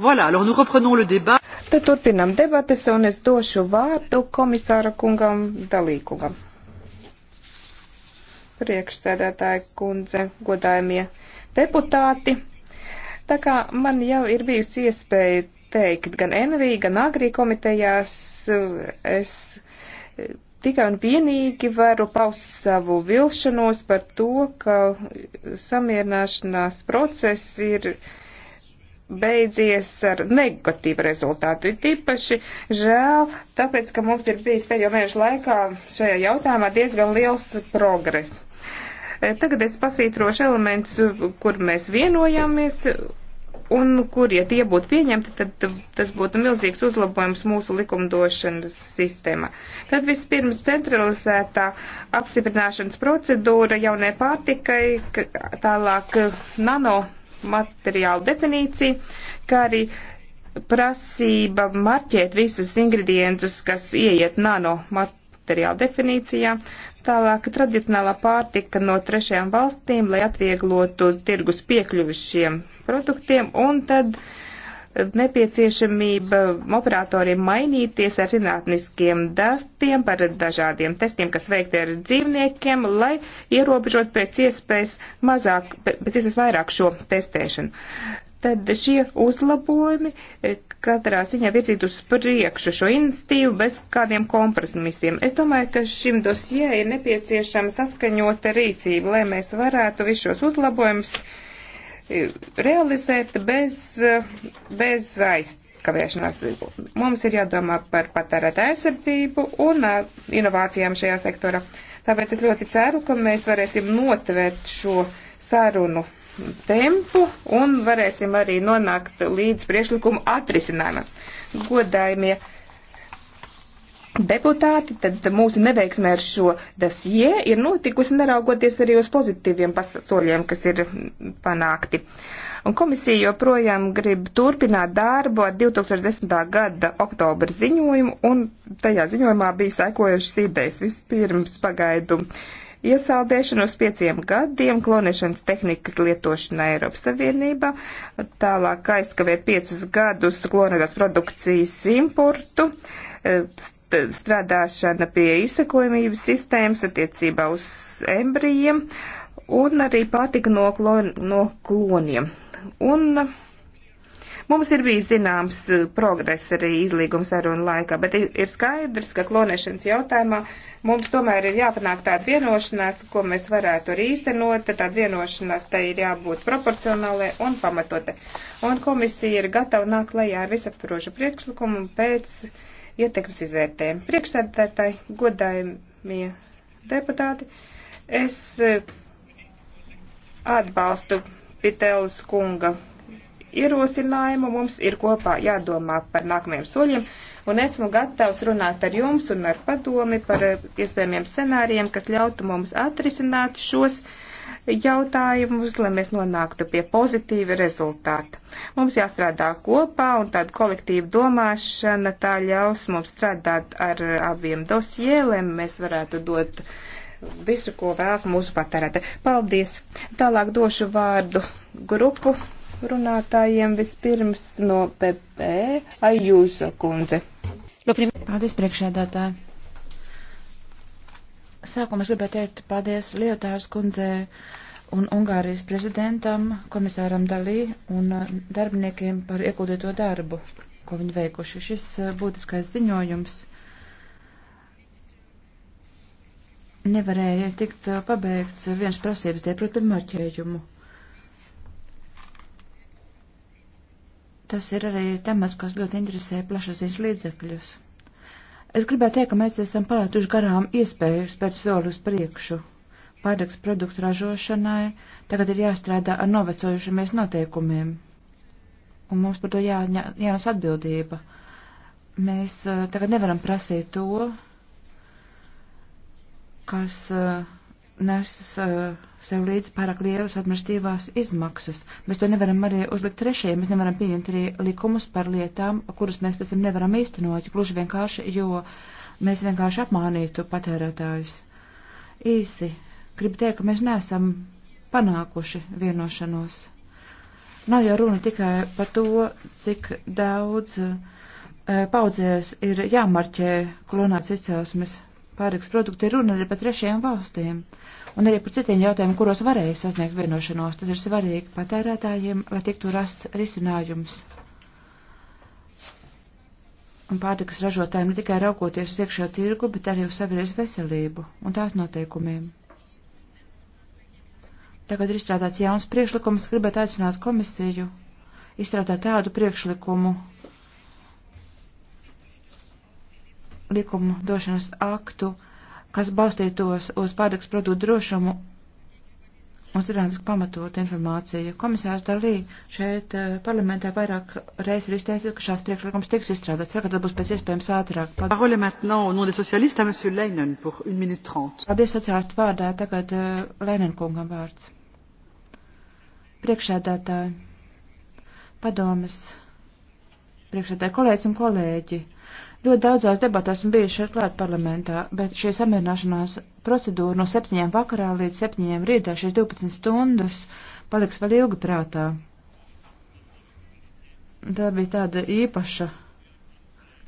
Voilà, alors nous reprenons le débat. Tad turpinam debates un es došu vārdu komisāra kungam Dalīkungam. Priekšsēdētāji kundze, godājumie deputāti. Tā kā man jau ir bijusi iespēja teikt gan NV, gan Agrī komitejās, es tikai un vienīgi varu paust savu vilšanos par to, ka samierināšanās process ir beidzies ar negatīvu rezultātu. Ir tīpaši žēl, tāpēc, ka mums ir bijis pēdējo mēnešu laikā šajā jautājumā diezgan liels progress. E, tagad es pasvītrošu elements, kur mēs vienojāmies un kur, ja tie būtu pieņemti, tad tas būtu milzīgs uzlabojums mūsu likumdošanas sistēmā. Tad vispirms centralizētā apstiprināšanas procedūra jaunai pārtikai, tālāk nano materiālu definīciju, kā arī prasība marķēt visus ingredientus, kas ieiet nano materiālu definīcijā, tālāk tradicionālā pārtika no trešajām valstīm, lai atvieglotu tirgus piekļuvi šiem produktiem, un tad uh, nepieciešamība operatoriem mainīties ar zinātniskiem datiem par dažādiem testiem, kas veikti ar dzīvniekiem, lai ierobežot pēc iespējas mazāk, pēc iespējas vairāk šo testēšanu. Tad šie uzlabojumi eh, katrā ziņā virzīt uz priekšu šo institīvu bez kādiem kompromisiem. Es domāju, ka šim dosijai ir nepieciešama saskaņota rīcība, lai mēs varētu visus šos uzlabojumus realizēt bez, bez aizkavēšanās. Mums ir jādomā par patērētāju aizsardzību un inovācijām šajā sektora. Tāpēc es ļoti ceru, ka mēs varēsim notvērt šo sarunu tempu un varēsim arī nonākt līdz priešlikumu atrisinājumam. Godājumie! Ja deputāti, tad mūsu neveiksmē ar šo dasjē ir notikusi neraugoties arī uz pozitīviem soļiem, kas ir panākti. Un komisija joprojām grib turpināt darbu ar 2010. gada oktobra ziņojumu, un tajā ziņojumā bija sekojušas idejas. Vispirms pagaidu iesaldēšanu uz pieciem gadiem, klonēšanas tehnikas lietošana Eiropas Savienībā, tālāk aizskavēt piecus gadus klonētās produkcijas importu, strādāšana pie izsekojamības sistēmas attiecībā uz embrijiem un arī patika no, klon, no kloniem. Un uh, mums ir bijis zināms uh, progress arī izlīgums sarunu laikā, bet ir skaidrs, ka klonēšanas jautājumā mums tomēr ir jāpanāk tāda vienošanās, ko mēs varētu arī īstenot, tāda vienošanās tai ir jābūt proporcionālai un pamatotai. Un komisija ir gatava nākt lejā ar visaptvarošu priekšlikumu pēc ietekmes izvērtējumu. Priekšstādātāji, godājumie deputāti, es eh, atbalstu Pitēlas kunga ierosinājumu. Mums ir kopā jādomā par nākamajiem soļiem, un esmu gatavs runāt ar jums un ar padomi par eh, iespējamiem scenārijiem, kas ļautu mums atrisināt šos jautājumus jautājumus, lai mēs nonāktu pie pozitīva rezultāta. Mums jāstrādā kopā, un tāda kolektīva domāšana tā ļaus mums strādāt ar abiem dosjē, lai mēs varētu dot visu, ko vēlas mūsu patērētāji. Paldies! Tālāk došu vārdu grupu runātājiem vispirms no PP Ajūza kundze. Paldies, priekšēdātāji! Sākumā es gribētu teikt paldies Lietāras kundzē un Ungārijas prezidentam, komisāram Dalī un uh, darbiniekiem par ieguldīto darbu, ko viņi veikuši. Šis uh, būtiskais ziņojums nevarēja tikt uh, pabeigts viens prasības dēļ, proti, marķējumu. Tas ir arī temats, kas ļoti interesē plašas līdzekļus. Es gribētu teikt, ka mēs esam palētuši garām iespējas pēc soli uz priekšu. Pārdeks produktu ražošanai tagad ir jāstrādā ar novecojušamies noteikumiem. Un mums par to jā, jānes atbildība. Mēs uh, tagad nevaram prasīt to, kas. Uh, nes uh, sev līdz pārāk lielas administratīvās izmaksas. Mēs to nevaram arī uzlikt trešajiem, mēs nevaram pieņemt arī likumus par lietām, kuras mēs pēc tam nevaram īstenot, gluži vienkārši, jo mēs vienkārši apmānītu patērētājus. Īsi, gribu teikt, ka mēs neesam panākuši vienošanos. Nav jau runa tikai par to, cik daudz uh, paudzēs ir jāmarķē klonāts izcelsmes pārtiks produkti, ir runa arī par trešajām valstīm un arī par citiem jautājumiem, kuros varēja sasniegt vienošanos. Tas ir svarīgi patērētājiem, lai tiktu rasts risinājums. Un pārtikas ražotājiem ne tikai raugoties uz iekšējo tirgu, bet arī uz sabiedrības veselību un tās noteikumiem. Tagad ir izstrādāts jauns priekšlikums, gribētu aicināt komisiju izstrādāt tādu priekšlikumu, likumu došanas aktu, kas balstītos uz pārtiks produktu drošumu un zinātniski pamatot informāciju. Komisārs Dalī šeit eh, parlamentā vairāk reiz ir izteicis, ka šāds priekšlikums tiks izstrādāts. Ceru, ka tas būs pēc iespējams ātrāk. Paldies sociālistu vārdā, tagad eh, Leinen kungam vārds. Priekšēdētāji, padomas, priekšēdētāji kolēģis un kolēģi. Ļoti daudzās debatās esmu bijuši šeit klāt parlamentā, bet šī samierināšanās procedūra no septiņiem vakarā līdz septiņiem rītā šīs 12 stundas paliks vēl ilgi prātā. Tā bija tāda īpaša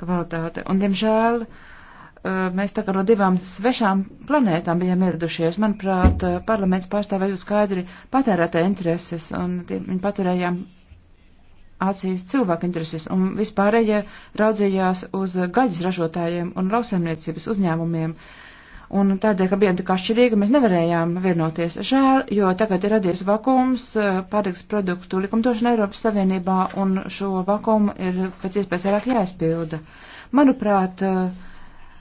kvalitāte. Un, diemžēl, uh, mēs tā kā no divām svešām planētām bijām ieradušies. Manuprāt, uh, parlaments pārstāvēja skaidri patērētā intereses, un viņi paturējām acīs cilvēku intereses, un vispārējie raudzījās uz gaļas ražotājiem un lauksaimniecības uzņēmumiem. Un tādēļ, ka bijām tik atšķirīgi, mēs nevarējām vienoties. Žēl, jo tagad ir radies vakums eh, pārtiks produktu likumdošana Eiropas Savienībā, un šo vakumu ir pēc iespējas vairāk jāizpilda. Manuprāt, eh,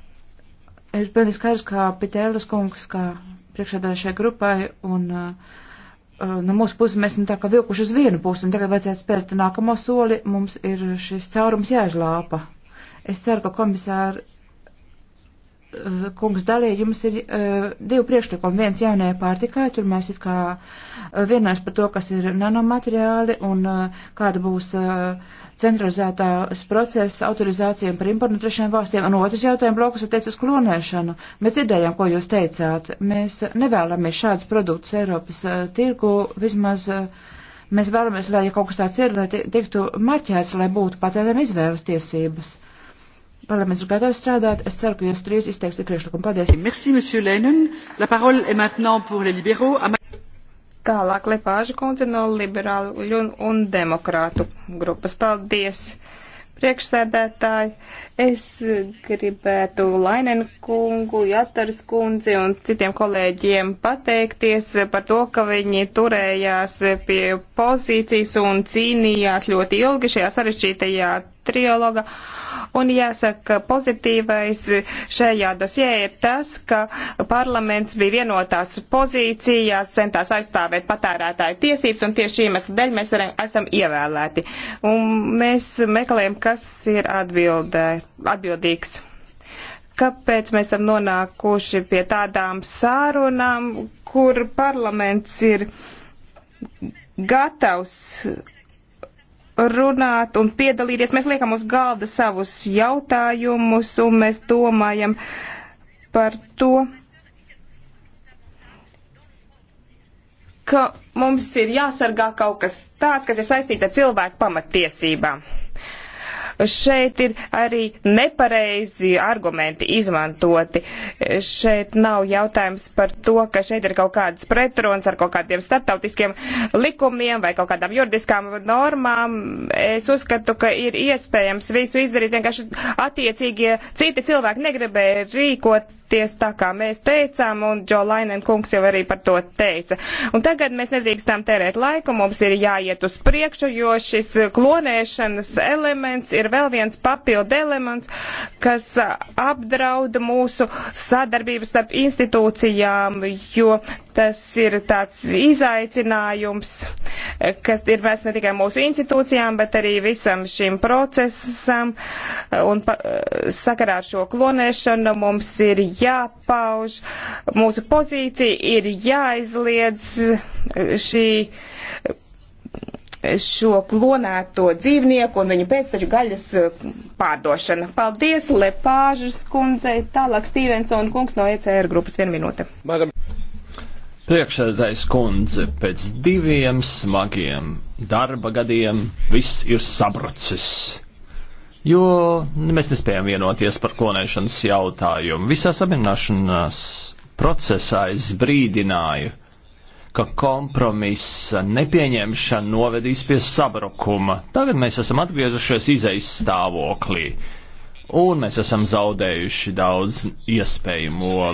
ir pilnīgi skaidrs, kā Pitēlis kungs, kā priekšādājušai grupai un uh, Eh, no mūsu puses mēs esam nu tā kā vilkuši uz vienu pusi, un tagad vajadzētu spērt nākamo soli, mums ir šis caurums jāizlāpa. Es ceru, ka komisāri Eh, kungs dalīja, jums ir uh, divi priekšlikumi. Viens jaunajai pārtikai, tur mēs it kā eh, vienojam par to, kas ir nanomateriāli un uh, kāda būs uh, centralizētās procesa autorizācijām par importu no trešajām valstīm. Un otrs jautājums blokus attiec uz klonēšanu. Mēs dzirdējām, ko jūs teicāt. Mēs nevēlamies šādus produktus Eiropas uh, tirgu vismaz. Uh, Mēs vēlamies, lai ja kaut kas tāds ir, lai tiktu marķēts, lai būtu patērēm izvēles tiesības. Uh, Parlaments ir gatavs strādāt. Es ceru, ka jūs trīs izteiksiet priekšlikumu. Paldies. Merci, monsieur Lenin. La parole est maintenant pour les libéraux. Tālāk Lepāža kundze no liberāļu un demokrātu grupas. Paldies, priekšsēdētāji. Es gribētu Lainen kungu, Jatars kundzi un citiem kolēģiem pateikties par to, ka viņi turējās pie pozīcijas un cīnījās ļoti ilgi šajā sarežģītajā trialoga. Un jāsaka, pozitīvais šajā dosjē ir tas, ka parlaments bija vienotās pozīcijās, centās aizstāvēt patērētāju tiesības, un tieši iemesla dēļ mēs esam ievēlēti. Un mēs meklējam, kas ir atbildēt atbildīgs. Kāpēc mēs esam nonākuši pie tādām sārunām, kur parlaments ir gatavs runāt un piedalīties? Mēs liekam uz galda savus jautājumus un mēs domājam par to, ka mums ir jāsargā kaut kas tāds, kas ir saistīts ar cilvēku pamattiesībām. Šeit ir arī nepareizi argumenti izmantoti. Šeit nav jautājums par to, ka šeit ir kaut kādas pretrunas ar kaut kādiem starptautiskiem likumiem vai kaut kādām juridiskām normām. Es uzskatu, ka ir iespējams visu izdarīt, vienkārši attiecīgie citi cilvēki negribēja rīkot rīkoties tā, kā mēs teicām, un Džo Lainen kungs jau arī par to teica. Un tagad mēs nedrīkstam tērēt laiku, mums ir jāiet uz priekšu, jo šis klonēšanas elements ir vēl viens papildu elements, kas apdrauda mūsu sadarbības starp institūcijām, jo Tas ir tāds izaicinājums, kas ir vērsts ne tikai mūsu institūcijām, bet arī visam šim procesam. Un pa, sakarā ar šo klonēšanu mums ir jāpauž, mūsu pozīcija ir jāizliedz šī šo klonēto dzīvnieku un viņu pēcteču gaļas pārdošana. Paldies Lepāžas kundzei, tālāk Stīvensona kungs no ECR grupas. Vienu minūte. Madam. Priekšsēdētājs kundze pēc diviem smagiem darba gadiem viss ir sabrucis. Jo mēs nespējam vienoties par klonēšanas jautājumu. Visā samierināšanās procesā es brīdināju, ka kompromisa nepieņemšana novedīs pie sabrukuma. Tagad mēs esam atgriezušies izejas stāvoklī, un mēs esam zaudējuši daudz iespējamo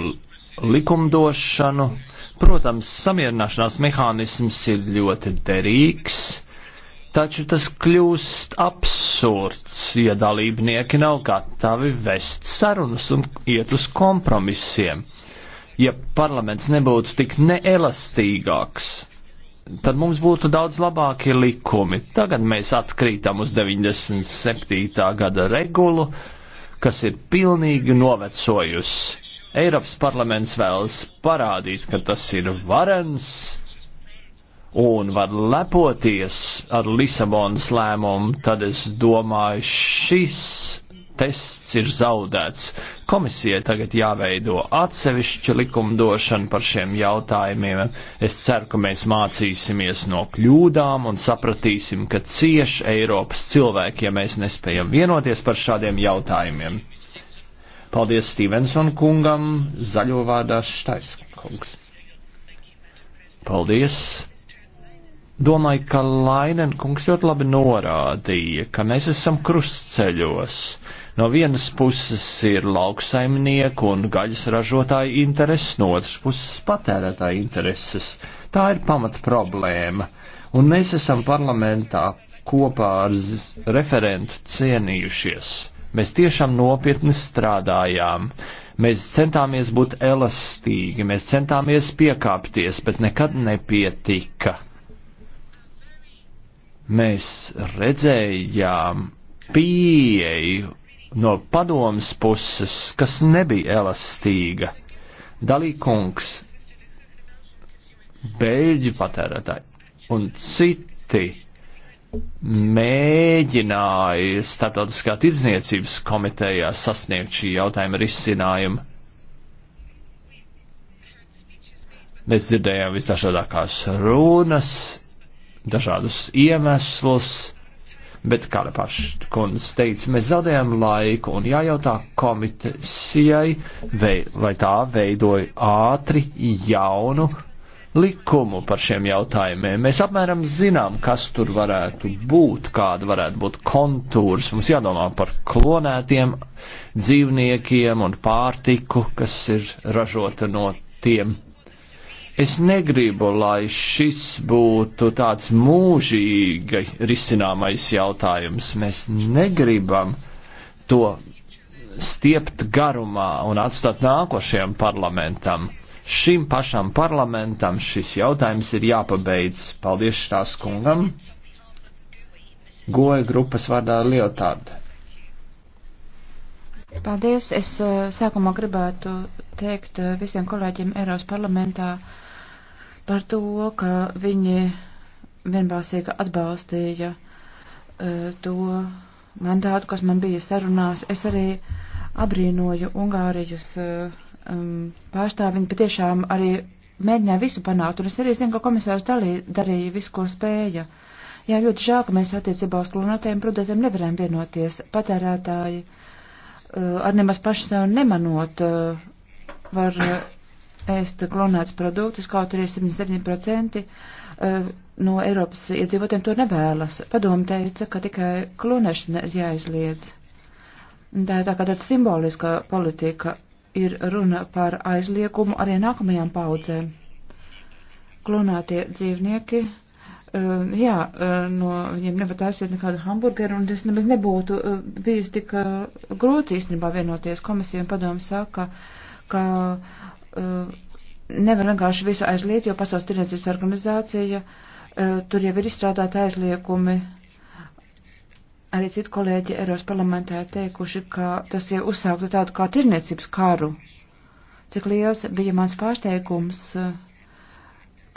likumdošanu. Protams, samierināšanās mehānisms ir ļoti derīgs, taču tas kļūst absurds, ja dalībnieki nav gatavi vest sarunas un iet uz kompromisiem. Ja parlaments nebūtu tik neelastīgāks, tad mums būtu daudz labāki likumi. Tagad mēs atkrītam uz 97. gada regulu, kas ir pilnīgi novecojusi. Eiropas parlaments vēlas parādīt, ka tas ir varens un var lepoties ar Lisabonas lēmumu, tad es domāju, šis tests ir zaudēts. Komisijai tagad jāveido atsevišķa likumdošana par šiem jautājumiem. Es ceru, ka mēs mācīsimies no kļūdām un sapratīsim, ka cieši Eiropas cilvēki, ja mēs nespējam vienoties par šādiem jautājumiem. Paldies Stevenson kungam, zaļo vārdā Štais kungs. Paldies! Domāju, ka Lainen kungs ļoti labi norādīja, ka mēs esam krustceļos. No vienas puses ir lauksaimnieku un gaļas ražotāju intereses, no otras puses patērētāju intereses. Tā ir pamat problēma. Un mēs esam parlamentā kopā ar referentu cienījušies Mēs tiešām nopietni strādājām. Mēs centāmies būt elastīgi, mēs centāmies piekāpties, bet nekad nepietika. Mēs redzējām pieeju no padomas puses, kas nebija elastīga. Dalīkungs, Beļģi patērētāji un citi mēģināja starptautiskā tirdzniecības komitejā sasniegt šī jautājuma risinājumu. Mēs dzirdējām visdažādākās runas, dažādus iemeslus, bet Karapašs kundze teica, mēs zaudējam laiku un jājautā komitejai, vai tā veidoja ātri jaunu likumu par šiem jautājumiem. Mēs apmēram zinām, kas tur varētu būt, kāda varētu būt kontūrs. Mums jādomā par klonētiem dzīvniekiem un pārtiku, kas ir ražota no tiem. Es negribu, lai šis būtu tāds mūžīgi risināmais jautājums. Mēs negribam to stiept garumā un atstāt nākošajam parlamentam. Šim pašam parlamentam šis jautājums ir jāpabeidz. Paldies tās kungam. Goja grupas vārdā Liotārda. Paldies. Es eh, sākumā gribētu teikt eh, visiem kolēģiem Eiropas parlamentā par to, ka viņi vienbalsīgi atbalstīja uh, to mandātu, kas man bija sarunās. Es arī abrīnoju Ungārijas uh, um, pārstāvi, viņi patiešām arī mēģināja visu panākt, un es arī zinu, ka komisārs dalī, darīja visu, ko spēja. Jā, ļoti žēl, ka mēs attiecībā uz klonētajiem produktiem nevarējām vienoties. Patērētāji uh, ar nemaz paši sev nemanot uh, var uh, ēst klonēts produktus, kaut arī 77% uh, no Eiropas iedzīvotiem to nevēlas. Padomu teica, ka tikai klonēšana ir jāizliedz. Tā ir tā kā tāda simboliska politika, ir runa par aizliegumu arī nākamajām paudzēm. Klonētie dzīvnieki, uh, jā, uh, no viņiem nevar taisīt nekādu hamburgeru, un tas nemaz nebūtu uh, bijis tik uh, grūti īstenībā vienoties. Komisija un padomu saka, ka uh, nevar vienkārši visu aizliet, jo Pasaules tirdzniecības organizācija, uh, tur jau ir izstrādāta aizliegumi. Uh, arī citu kolēģi Eiros parlamentā teikuši, ka tas jau uzsāktu tādu kā tirniecības karu. Cik liels bija mans pārsteigums,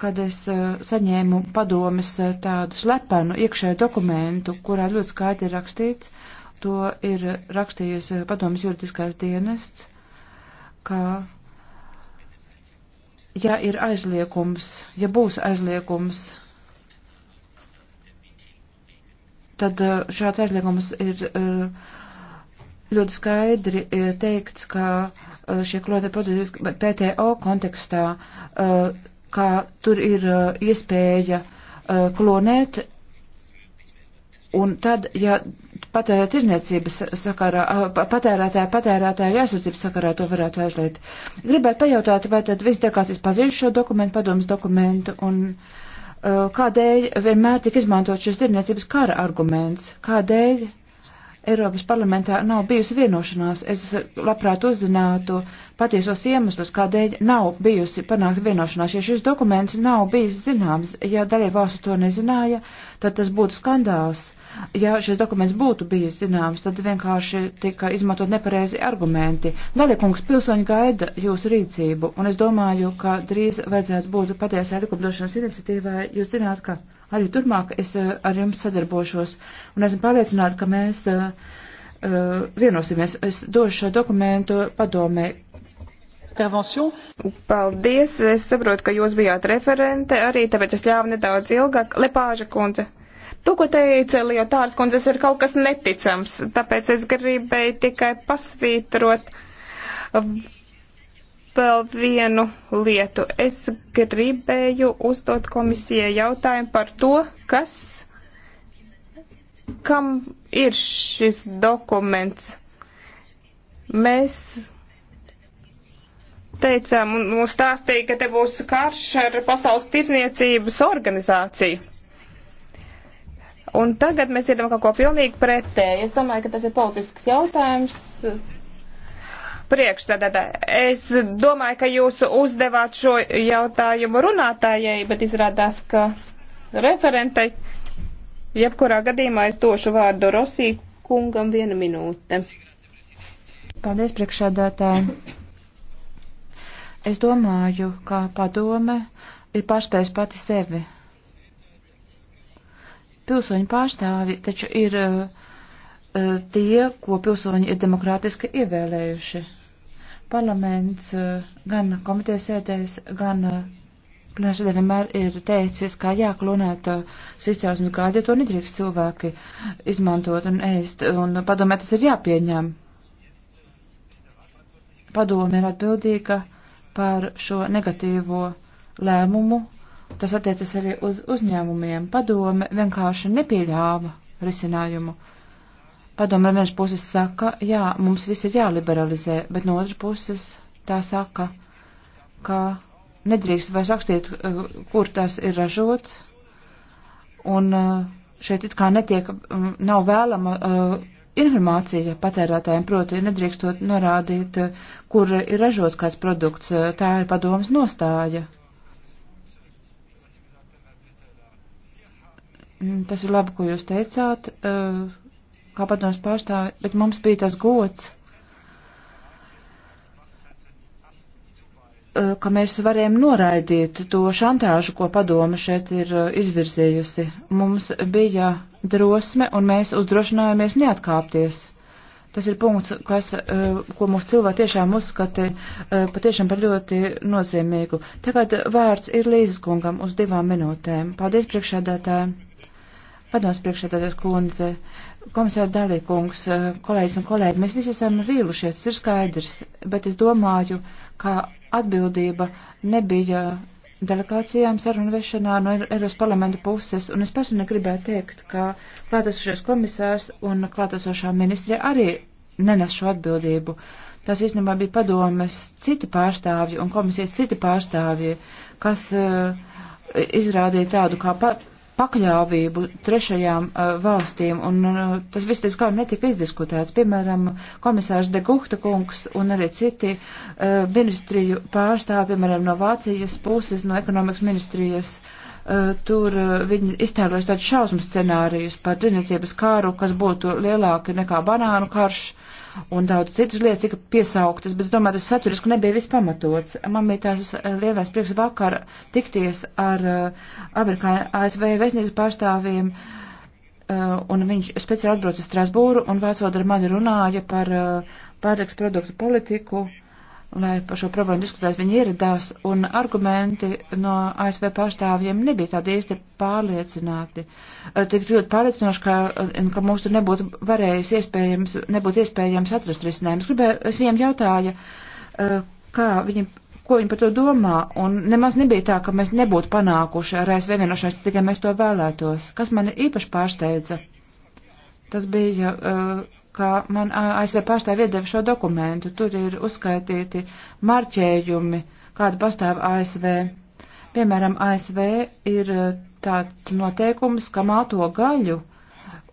kad es eh, saņēmu padomis eh, tādu slepenu iekšēju dokumentu, kurā ļoti skaidri rakstīts, to ir rakstījis eh, padomis juridiskās dienests, ka, ja ir aizliekums, ja būs aizliekums tad eh, šāds aizliegums ir eh, ļoti skaidri eh, teikts, ka šie klotē produkti PTO kontekstā, kā tur ir iespēja klonēt, un tad, ja patērē tirniecības sakarā, patērētāja, patērētāja ir aizsardzības sakarā, to varētu aizliet. Gribētu pajautāt, vai tad viss dekāsīs pazīst šo dokumentu, padomas dokumentu, un uh, Uh, kādēļ vienmēr tika izmantot šis tirniecības kara arguments, kādēļ Eiropas parlamentā nav bijusi vienošanās. Es labprāt uzzinātu patiesos iemeslus, kādēļ nav bijusi panākta vienošanās. Ja šis dokuments nav bijis zināms, ja dalībvalsts to nezināja, tad tas būtu skandāls. Ja šis dokuments būtu bijis zināms, tad vienkārši tika izmantot nepareizi argumenti. Daliekungs pilsoņi gaida jūsu rīcību, un es domāju, ka drīz vajadzētu būt patiesai likumdošanas iniciatīvai. Jūs zināt, ka arī turpmāk es eh, ar jums sadarbošos, un esmu pārliecināta, ka mēs uh, vienosimies. Es došu šo dokumentu padomē intervention. Paldies, es saprotu, ka jūs bijāt referente arī, tāpēc es ļāvu nedaudz ilgāk. Lepāža kundze. To, ko teica Liotārs kundzes, ir kaut kas neticams, tāpēc es gribēju tikai pasvītrot vēl vienu lietu. Es gribēju uzdot komisijai jautājumu par to, kas, kam ir šis dokuments. Mēs teicām, mums stāstīja, ka te būs karš ar pasaules tirzniecības organizāciju. Un tagad mēs dzirdam kaut ko pilnīgi pretēju. Es domāju, ka tas ir politisks jautājums. Priekšstādātāji, es domāju, ka jūs uzdevāt šo jautājumu runātājai, bet izrādās, ka referentei. Jebkurā gadījumā es došu vārdu Rosī kungam viena minūte. Paldies, priekšsēdētāji. Es domāju, ka padome ir pašpējis pati sevi pilsoņu pārstāvi taču ir uh, tie, ko pilsoņi ir demokrātiski ievēlējuši. Parlaments uh, gan komitejas sēdēs, gan uh, plenārsēdē vienmēr ir teicis, kā jāklonēt izcelsmes gādi, ja to nedrīkst cilvēki izmantot un ēst. Un padomē tas ir jāpieņem. Padome ir atbildīga par šo negatīvo lēmumu Tas attiecas arī uz uzņēmumiem. Padome vienkārši nepieļāva risinājumu. Padome no vienas puses saka, jā, mums viss ir jāliberalizē, bet no otras puses tā saka, ka nedrīkst vairs rakstīt, eh, kur tas ir ražots, un eh, šeit it kā netiek, mm, nav vēlama eh, informācija patērētājiem, proti nedrīkstot norādīt, kur ir ražots kāds produkts, tā ir padomas nostāja. Tas ir labi, ko jūs teicāt, eh, kā padoms pārstāvi, bet mums bija tas gods, eh, ka mēs varējām noraidīt to šantāžu, ko padoma šeit ir eh, izvirzējusi. Mums bija drosme un mēs uzdrošinājāmies neatkāpties. Tas ir punkts, kas, ko mūsu cilvēki tiešām uzskata patiešām par ļoti nozīmīgu. Tagad vārds ir Līzes kungam uz divām minūtēm. Paldies priekšādātājiem! Padoms priekšsēdētājs kundze, komisāra Dalīkungs, eh, kolēģis un kolēģi, mēs visi esam vīlušies, tas ir skaidrs, bet es domāju, ka atbildība nebija delegācijām sarunu vešanā no Eiropas parlamenta puses, un es personīgi gribēju teikt, ka klātesošais komisārs un klātesošā ministrie arī nenes šo atbildību. Tas īstenībā bija padomes citi pārstāvji un komisijas citi pārstāvji, kas uh, izrādīja tādu kā pa pakļāvību trešajām uh, valstīm, un uh, tas viss tas kā netika izdiskutēts. Piemēram, komisārs De Guhta kungs un arī citi uh, ministriju pārstāvi, piemēram, no Vācijas puses, no ekonomikas ministrijas. Uh, tur uh, viņi iztēlojas tādus šausmu scenārijus par tirniecības kāru, kas būtu lielāki nekā banānu karš un daudz citas lietas tika piesauktas, bet es domāju, tas saturiski nebija viss pamatots. Man bija tās eh, lielais prieks vakar tikties ar eh, Amerikāņu ASV vēstnieku pārstāvjiem, eh, un viņš speciāli atbrauca uz Strasbūru un vēsot ar mani runāja par pārtiks produktu politiku. Uh, lai par šo problēmu diskutētu, viņi ieradās, un argumenti no ASV pārstāvjiem nebija tādi īsti pārliecināti. Tik ļoti pārliecinoši, ka, ka mums tur nebūtu varējis iespējams, nebūtu iespējams atrast risinājumus. Gribēju, es viņiem jautāju, kā viņi, ko viņi par to domā, un nemaz nebija tā, ka mēs nebūtu panākuši ar ASV vienošanos, tikai mēs to vēlētos. Kas mani īpaši pārsteidza, tas bija. Uh, ka man ASV pārstāv iedeva šo dokumentu. Tur ir uzskaitīti marķējumi, kāda pastāv ASV. Piemēram, ASV ir tāds noteikums, ka māto gaļu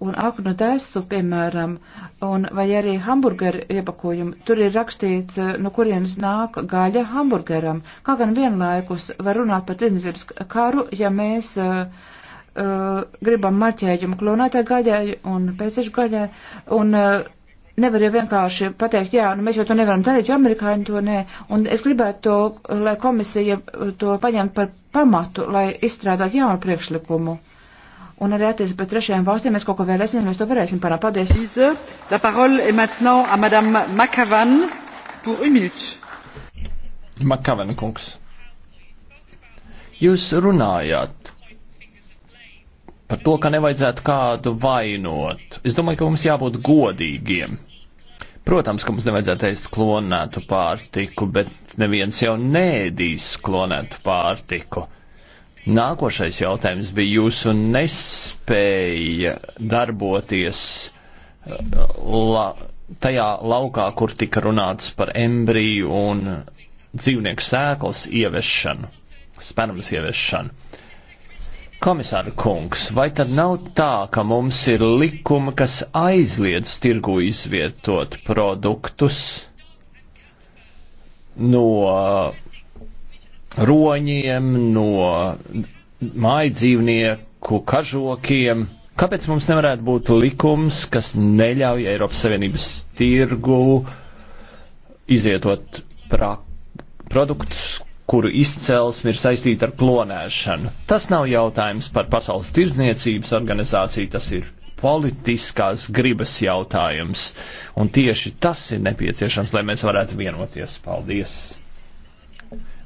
un aknu desu, piemēram, un, vai arī hamburgeru iepakojumu. Tur ir rakstīts, no kurienes nāk gaļa hamburgeram. Kā gan vienlaikus var runāt par cīnītības karu, ja mēs uh, uh, gribam marķējumu klonētai gaļai un pēciešu gaļai, un uh, nevar jau vienkārši pateikt, jā, nu mēs jau to nevaram darīt, jo amerikāņi to nē. Un es gribētu to, lai komisija uh, to paņemtu par pamatu, lai izstrādātu jaunu priekšlikumu. Un arī attiecībā pret trešajām valstīm mēs kaut ko vēlēsim, mēs to varēsim panākt. Paldies! Makavena kungs, jūs runājāt par to, ka nevajadzētu kādu vainot. Es domāju, ka mums jābūt godīgiem. Protams, ka mums nevajadzētu ēst klonētu pārtiku, bet neviens jau nēdīs klonētu pārtiku. Nākošais jautājums bija jūsu nespēja darboties uh, la, tajā laukā, kur tika runāts par embriju un dzīvnieku sēklas ieviešanu, spermas ieviešanu. Komisāra kungs, vai tad nav tā, ka mums ir likumi, kas aizliedz tirgu izvietot produktus no roņiem, no mājdzīvnieku kažokiem? Kāpēc mums nevarētu būt likums, kas neļauj Eiropas Savienības tirgu izvietot pra produktus, kuru izcelsme ir saistīta ar klonēšanu. Tas nav jautājums par Pasaules tirdzniecības organizāciju, tas ir politiskās gribas jautājums. Un tieši tas ir nepieciešams, lai mēs varētu vienoties. Paldies!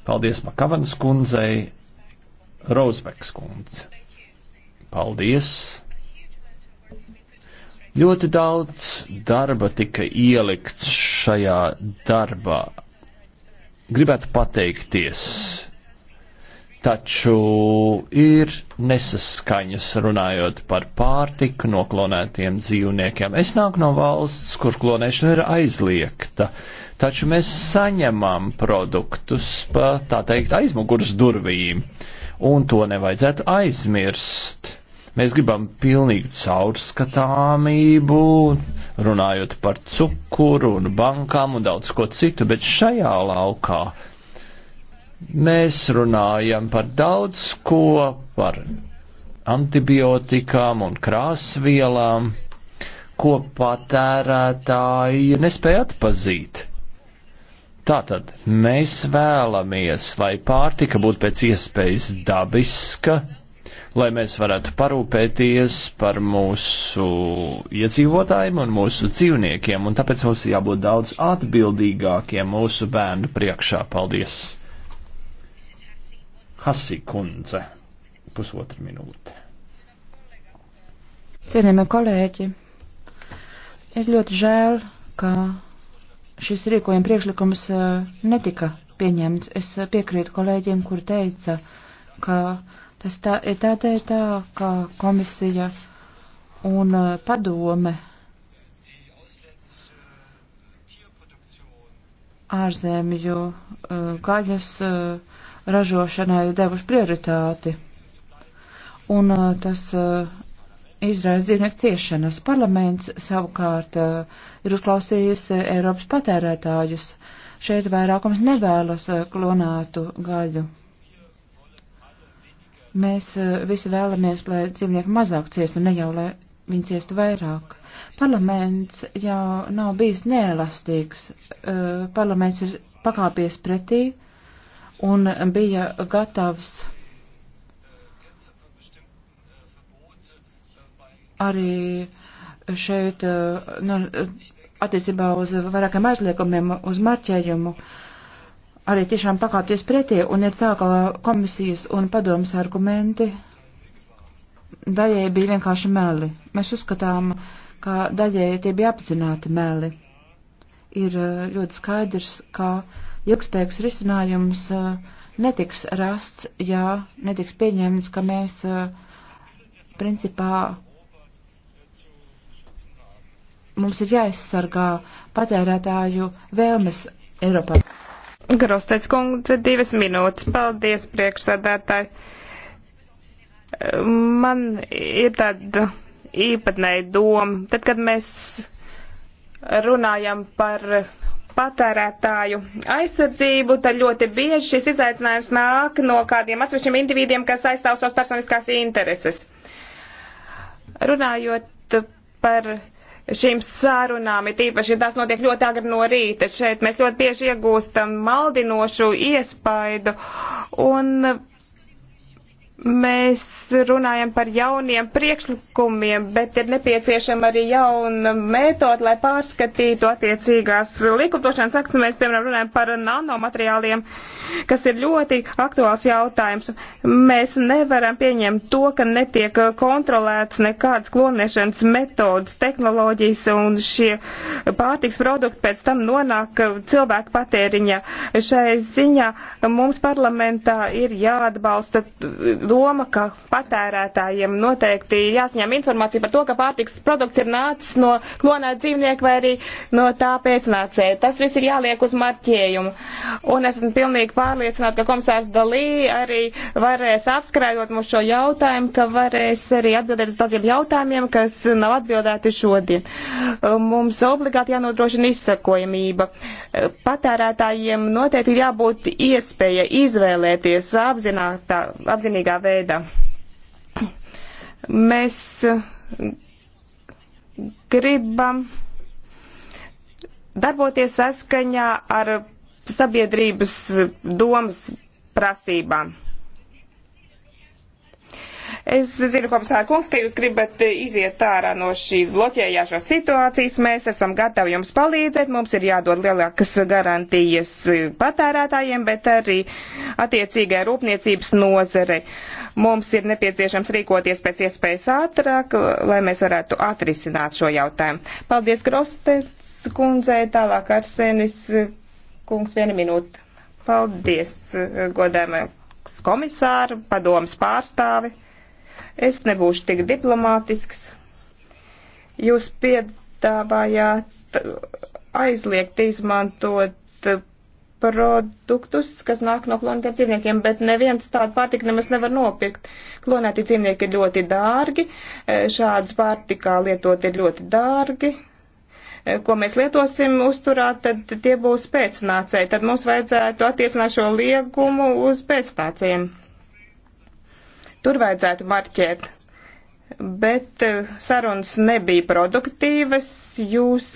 Paldies Makavanas kundzei, Rozbeks kundze. Paldies! Ļoti daudz darba tika ielikts šajā darbā gribētu pateikties, taču ir nesaskaņas runājot par pārtiku no klonētiem dzīvniekiem. Es nāku no valsts, kur klonēšana ir aizliegta, taču mēs saņemam produktus pa, tā teikt, aizmugurs durvīm, un to nevajadzētu aizmirst. Mēs gribam pilnīgu caurskatāmību, runājot par cukuru un bankām un daudz ko citu, bet šajā laukā mēs runājam par daudz ko, par antibiotikām un krāsvielām, ko patērētāji nespēja atpazīt. Tātad mēs vēlamies, lai pārtika būtu pēc iespējas dabiska, lai mēs varētu parūpēties par mūsu iedzīvotājiem un mūsu dzīvniekiem, un tāpēc mums jābūt daudz atbildīgākiem mūsu bērnu priekšā. Paldies! Hasi kundze, pusotra minūte. Cienījamie kolēģi, ir ļoti žēl, ka šis rīkojuma priekšlikums eh, netika pieņemts. Es eh, piekrītu kolēģiem, kur teica, ka uh, Tas tā ir tādēļ tā, ka komisija un uh, padome ārzemju uh, gaļas uh, ražošanai devuši prioritāti. Un tas izraisa dzīvnieku ciešanas. Parlaments savukārt ir uzklausījis Eiropas patērētājus. Šeit vairākums nevēlas klonātu gaļu. Mēs eh, visi vēlamies, lai dzīvnieki mazāk ciestu, ne jau lai viņi ciestu vairāk. Parlaments jau nav bijis neelastīgs. Eh, parlaments ir pakāpies pretī un bija gatavs arī šeit eh, nu, attiecībā uz vairākiem aizliegumiem, uz marķējumu. Uh, arī tiešām pakāpties pretī, un ir tā, ka komisijas un padomas argumenti daļai bija vienkārši meli. Mēs uzskatām, ka daļai tie bija apzināti meli. Ir eh, ļoti skaidrs, ka ilgspējīgs risinājums eh, netiks rasts, ja netiks pieņemts, ka mēs eh, principā mums ir jāaizsargā patērētāju vēlmes Eiropā. Grostec kundze, divas minūtes. Paldies, priekšsādātāji. Man ir tāda īpatnēja doma. Tad, kad mēs runājam par patērētāju aizsardzību, tad ļoti bieži šis izaicinājums nāk no kādiem atsevišķiem individiem, kas aizstāv savas personiskās intereses. Runājot par šīm sarunām, ir tīpaši, ja tās notiek ļoti agri no rīta. Šeit mēs ļoti bieži iegūstam maldinošu iespaidu, un Mēs runājam par jauniem priekšlikumiem, bet ir nepieciešama arī jauna metode, lai pārskatītu attiecīgās likumdošanas aktus. Mēs, piemēram, runājam par nanomateriāliem, kas ir ļoti aktuāls jautājums. Mēs nevaram pieņemt to, ka netiek kontrolēts nekādas klonēšanas metodas, tehnoloģijas, un šie pārtiks produkti pēc tam nonāk cilvēku patēriņā. Šai ziņā mums parlamentā ir jāatbalsta doma, ka patērētājiem noteikti jāsaņem informācija par to, ka pārtiks produkts ir nācis no klonēta dzīvnieka vai arī no tā pēcnācēja. Tas viss ir jāliek uz marķējumu. Un es esmu pilnīgi pārliecināta, ka komisārs Dalī arī varēs apskrējot mums šo jautājumu, ka varēs arī atbildēt uz daudziem jautājumiem, kas nav atbildēti šodien. Mums obligāti jānodrošina izsakojamība. Patērētājiem noteikti ir jābūt iespēja izvēlēties apzinātā, apzinīgā veidā. Mēs uh, gribam darboties saskaņā ar sabiedrības domas prasībām. Es zinu, komisāra kungs, ka jūs gribat eh, iziet ārā no šīs bloķējāšās situācijas. Mēs esam gatavi jums palīdzēt. Mums ir jādod lielākas garantijas eh, patērētājiem, bet arī attiecīgai rūpniecības nozare. Mums ir nepieciešams rīkoties pēc iespējas ātrāk, lai mēs varētu atrisināt šo jautājumu. Paldies, Grostets kundzei, tālāk Arsenis eh, kungs, viena minūte. Paldies, godājumai komisāru, padomas pārstāvi. Es nebūšu tik diplomātisks. Jūs piedāvājāt aizliegt izmantot produktus, kas nāk no klonētiem dzīvniekiem, bet neviens tādu pārtiku nemaz nevar nopirkt. Klonēti dzīvnieki ir ļoti dārgi, šādas pārtikā lietot ir ļoti dārgi. Ko mēs lietosim uzturāt, tad tie būs pēcnācēji. Tad mums vajadzētu attiecināt šo liegumu uz pēcnācējiem. Tur vajadzētu marķēt. Bet eh, sarunas nebija produktīvas, jūs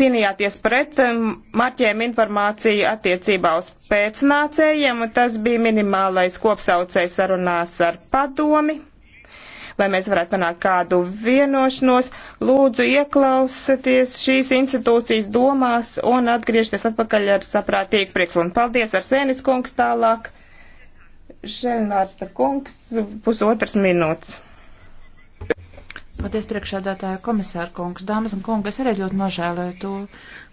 cīnījāties pret eh, marķējumu informāciju attiecībā uz pēcnācējiem, un tas bija minimālais kopsaucējs sarunās ar padomi lai mēs varētu panākt kādu vienošanos. Lūdzu, ieklausieties šīs institūcijas domās un atgriezties atpakaļ ar saprātīgu priekšlikumu. Paldies, Arsenis kungs, tālāk. Šelnārta kungs, pusotras minūtes. Paldies priekšādātāja komisāra kungs, dāmas un kungi, es arī ļoti nožēloju to,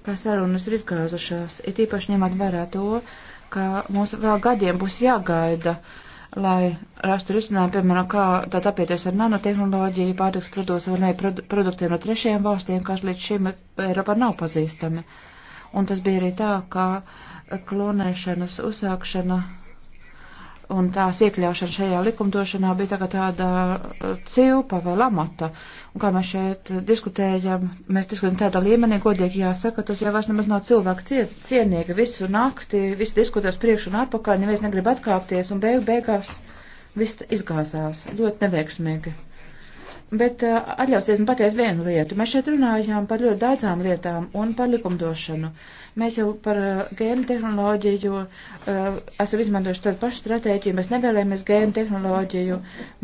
kā sarunas ir izgāzušās, it īpaši ņemot vērā to, ka mums vēl gadiem būs jāgaida, lai rastu risinājumu, piemēram, kā tā tapieties ar nanotehnoloģiju, pārtiks produktu vai ne produktiem no trešajām valstīm, kas līdz šim Eiropā nav pazīstami. Un tas bija arī tā, ka klonēšanas uzsākšana un tās iekļaušana šajā likumdošanā bija tagad tāda uh, cilpa vai lamata. Un kā mēs šeit diskutējam, mēs diskutējam tādā līmenī, godīgi jāsaka, tas jau vairs nemaz nav cilvēku cie, cienīgi. Visu nakti, visi diskutēs priekš un apakaļ, neviens negrib atkāpties, un beig beigās viss izgāzās ļoti neveiksmīgi. Bet uh, atļausiet man pateikt vienu lietu. Mēs šeit runājām par ļoti daudzām lietām un par likumdošanu. Mēs jau par uh, gēnu tehnoloģiju uh, esam izmantojuši tādu pašu stratēģiju. Mēs nevēlējamies gēnu tehnoloģiju.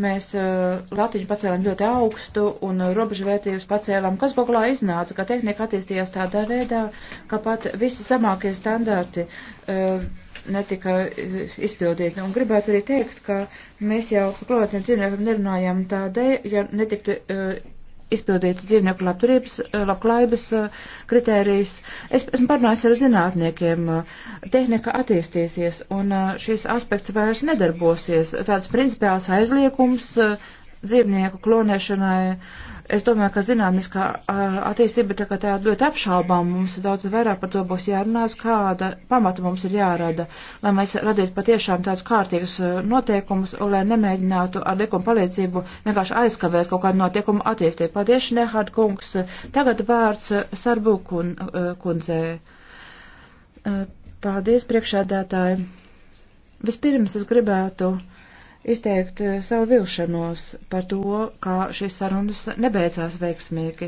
Mēs uh, latiņu pacēlām ļoti augstu un uh, robežu vērtības pacēlām. Kas galā iznāca, ka tehnika attīstījās tādā veidā, ka pat visi samākie standarti. Uh, netika eh, izpildīta. Un gribētu arī teikt, ka mēs jau klātiem dzīvniekiem nerunājam tādēļ, ja netiktu uh, izpildīts dzīvnieku labturības, eh, labklājības uh, kritērijas. Es esmu parunājis ar zinātniekiem, uh, tehnika attīstīsies un šis aspekts vairs nedarbosies. Tāds principiāls aizliekums. Uh, dzīvnieku klonēšanai. Es domāju, ka zinātniskā attīstība tā kā tā ļoti apšaubām mums daudz vairāk par to būs jārunās, kāda pamata mums ir jārada, lai mēs radītu patiešām tādus kārtīgus noteikumus, un lai nemēģinātu ar likuma palīdzību vienkārši aizkavēt kaut kādu notiekumu attīstību. Paldies, Nehard kungs. Tagad vārds Sarbu kun, kundzē. Paldies, priekšēdētāji. Vispirms es gribētu uh, izteikt eh, savu vilšanos par to, ka šīs sarunas nebeidzās veiksmīgi.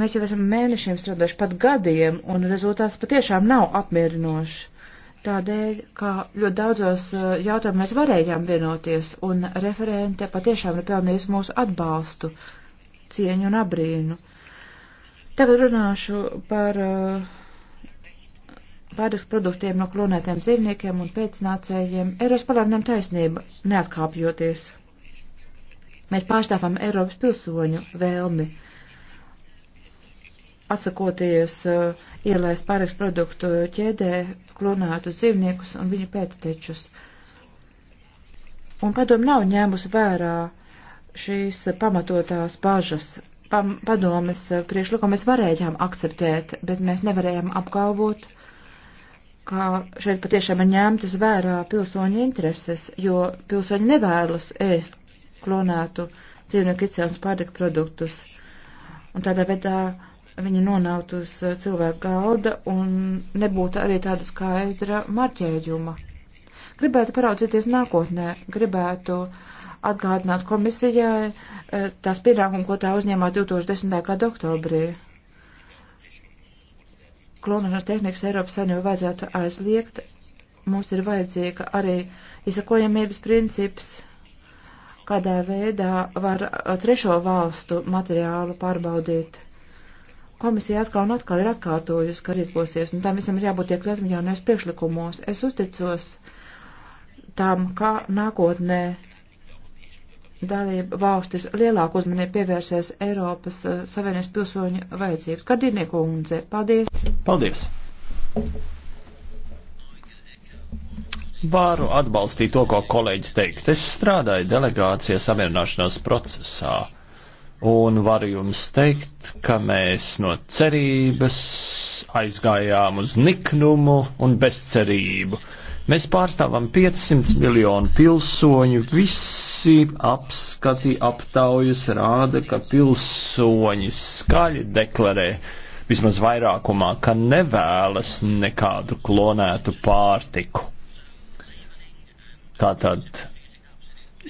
Mēs jau esam mēnešiem strādājuši pat gadiem, un rezultāts patiešām nav apmierinošs. Tādēļ, ka ļoti daudzos eh, jautājumos mēs varējām vienoties, un referente patiešām ir pelnījusi mūsu atbalstu, cieņu un abrīnu. Tagad runāšu par uh, pārtiks produktiem no klonētiem dzīvniekiem un pēcnācējiem. Eiropas parlamentam taisnība neatkāpjoties. Mēs pārstāvam Eiropas pilsoņu vēlmi atsakoties uh, ielaist pārtiks produktu eh, ķēdē klonētus dzīvniekus un viņu pēctečus. Un padomu nav ņēmusi vērā šīs pamatotās bažas, padomes eh, priekšlikumu mēs varējām akceptēt, bet mēs nevarējām apgalvot, ka šeit patiešām ir ņemtas vērā pilsoņu intereses, jo pilsoņi nevēlas ēst klonētu dzīvnieku izcelsmes pārtika produktus. Un tādā veidā viņi nonāktu uz cilvēku galda un nebūtu arī tāda skaidra marķējuma. Gribētu paraudzīties nākotnē, gribētu atgādināt komisijai eh, tās pienākumu, ko tā uzņēmā 2010. gada oktobrī klonošanas tehnikas Eiropas Savienībā vajadzētu aizliegt. Mums ir vajadzīga arī izsakojamības princips, kādā veidā var uh, trešo valstu materiālu pārbaudīt. Komisija atkal un atkal ir atkārtojusi, ka rīkosies, un tam visam ir jābūt iekļautam jaunajos priekšlikumos. Es uzticos tam, kā nākotnē dalība valstis lielāku uzmanību pievērsies Eiropas uh, Savienības pilsoņu vajadzības. Kardīnie kundze, paldies! Paldies! Varu atbalstīt to, ko kolēģis teikt. Es strādāju delegācijas samierināšanās procesā un varu jums teikt, ka mēs no cerības aizgājām uz niknumu un bezcerību Mēs pārstāvam 500 miljonu pilsoņu. Visi apskati, aptaujas rāda, ka pilsoņi skaļi deklarē, vismaz vairākumā, ka nevēlas nekādu klonētu pārtiku. Tātad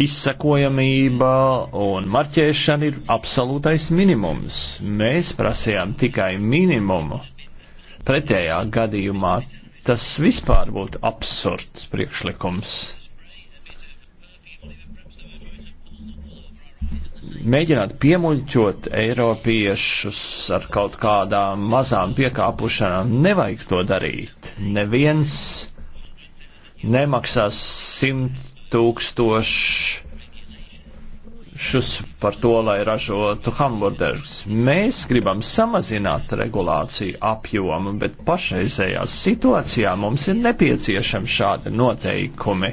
izsekojamība un marķēšana ir absolūtais minimums. Mēs prasījām tikai minimumu. Pretējā gadījumā tas vispār būtu absurds priekšlikums. Mēģināt piemuļķot eiropiešus ar kaut kādām mazām piekāpušanām, nevajag to darīt. Neviens nemaksās simt tūkstoši izmešus par to, lai ražotu hamburgers. Mēs gribam samazināt regulāciju apjomu, bet pašreizējā situācijā mums ir nepieciešami šādi noteikumi.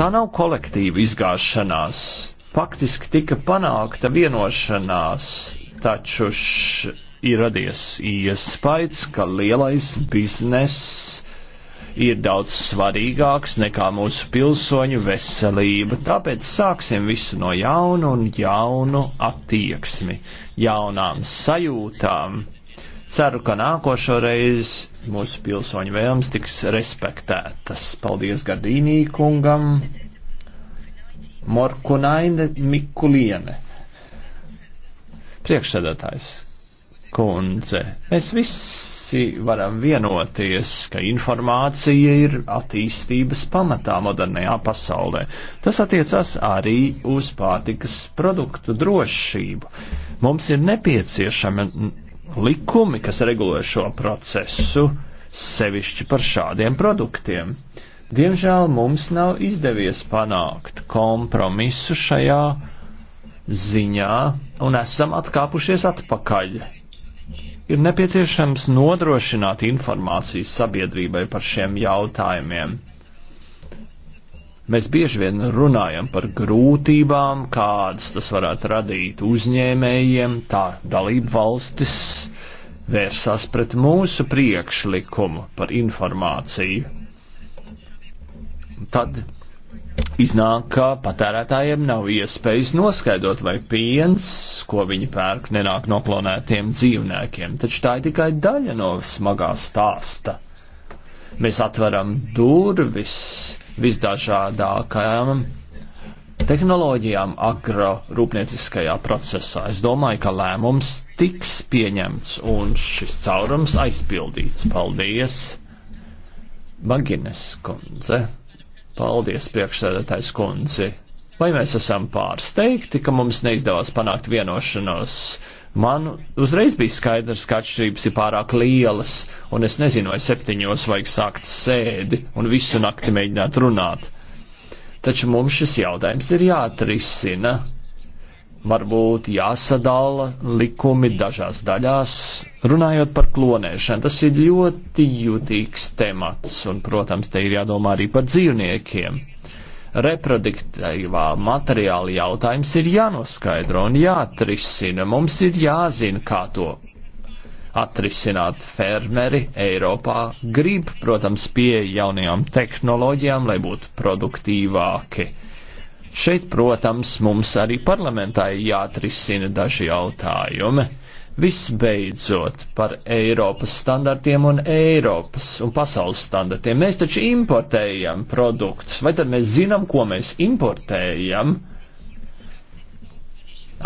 Tā nav kolektīva izgāšanās. Faktiski tika panākta vienošanās, taču ir radies iespējas, ka lielais bizness ir daudz svarīgāks nekā mūsu pilsoņu veselība. Tāpēc sāksim visu no jauna un jaunu attieksmi, jaunām sajūtām. Ceru, ka nākošoreiz mūsu pilsoņu vēlms tiks respektētas. Paldies Gardīnī kungam, Morkunaine Mikuliene. Priekšsēdētājs kundze, mēs visi visi varam vienoties, ka informācija ir attīstības pamatā modernajā pasaulē. Tas attiecas arī uz pārtikas produktu drošību. Mums ir nepieciešami likumi, kas regulē šo procesu, sevišķi par šādiem produktiem. Diemžēl mums nav izdevies panākt kompromisu šajā ziņā, un esam atkāpušies atpakaļ ir nepieciešams nodrošināt informācijas sabiedrībai par šiem jautājumiem. Mēs bieži vien runājam par grūtībām, kādas tas varētu radīt uzņēmējiem, tā dalību valstis vērsās pret mūsu priekšlikumu par informāciju. Tad Iznāk, ka patērētājiem nav iespējas noskaidrot, vai piens, ko viņi pērk, nenāk no klonētiem dzīvniekiem, taču tā ir tikai daļa no smagā stāsta. Mēs atveram durvis visdažādākajām tehnoloģijām agrorūpnieciskajā procesā. Es domāju, ka lēmums tiks pieņemts un šis caurums aizpildīts. Paldies, Magines kundze! Paldies, priekšsēdētājs kundzi. Vai mēs esam pārsteigti, ka mums neizdevās panākt vienošanos? Man uzreiz bija skaidrs, ka atšķirības ir pārāk lielas, un es nezinu, vai septiņos vajag sākt sēdi un visu nakti mēģināt runāt. Taču mums šis jautājums ir jāatrisina varbūt jāsadala likumi dažās daļās. Runājot par klonēšanu, tas ir ļoti jūtīgs temats, un, protams, te ir jādomā arī par dzīvniekiem. Reproduktīvā materiāla jautājums ir jānoskaidro un jāatrisina. Mums ir jāzina, kā to atrisināt fermeri Eiropā. Grib, protams, pieeja jaunajām tehnoloģijām, lai būtu produktīvāki Šeit, protams, mums arī parlamentā ir jāatrisina daži jautājumi. Visbeidzot, par Eiropas standartiem un Eiropas un pasaules standartiem. Mēs taču importējam produktus, vai tad mēs zinām, ko mēs importējam?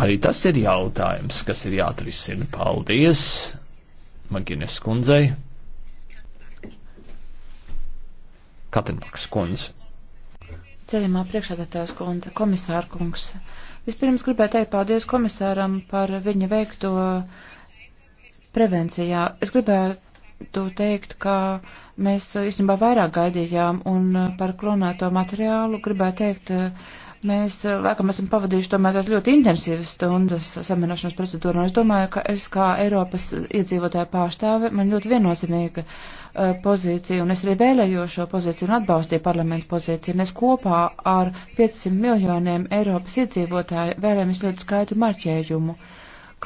Arī tas ir jautājums, kas ir jāatrisina. Paldies, Magines kundzei. Katenbaks kundze. Ceļamā priekšādātājs kundze, komisāra kungs. Vispirms gribēju teikt paldies komisāram par viņa veikto prevencijā. Es gribētu teikt, ka mēs īstenībā vairāk gaidījām un par klonēto materiālu gribētu teikt, uh, Mēs eh, laikam esam pavadījuši tomēr ļoti intensīvas stundas samierināšanās procedūru, un es domāju, ka es kā Eiropas iedzīvotāja pārstāve man ļoti viennozīmīga uh, pozīcija, un es arī vēlēju šo pozīciju un atbalstīju parlamentu pozīciju. Mēs kopā ar 500 miljoniem Eiropas iedzīvotāju vēlējamies ļoti skaidru marķējumu,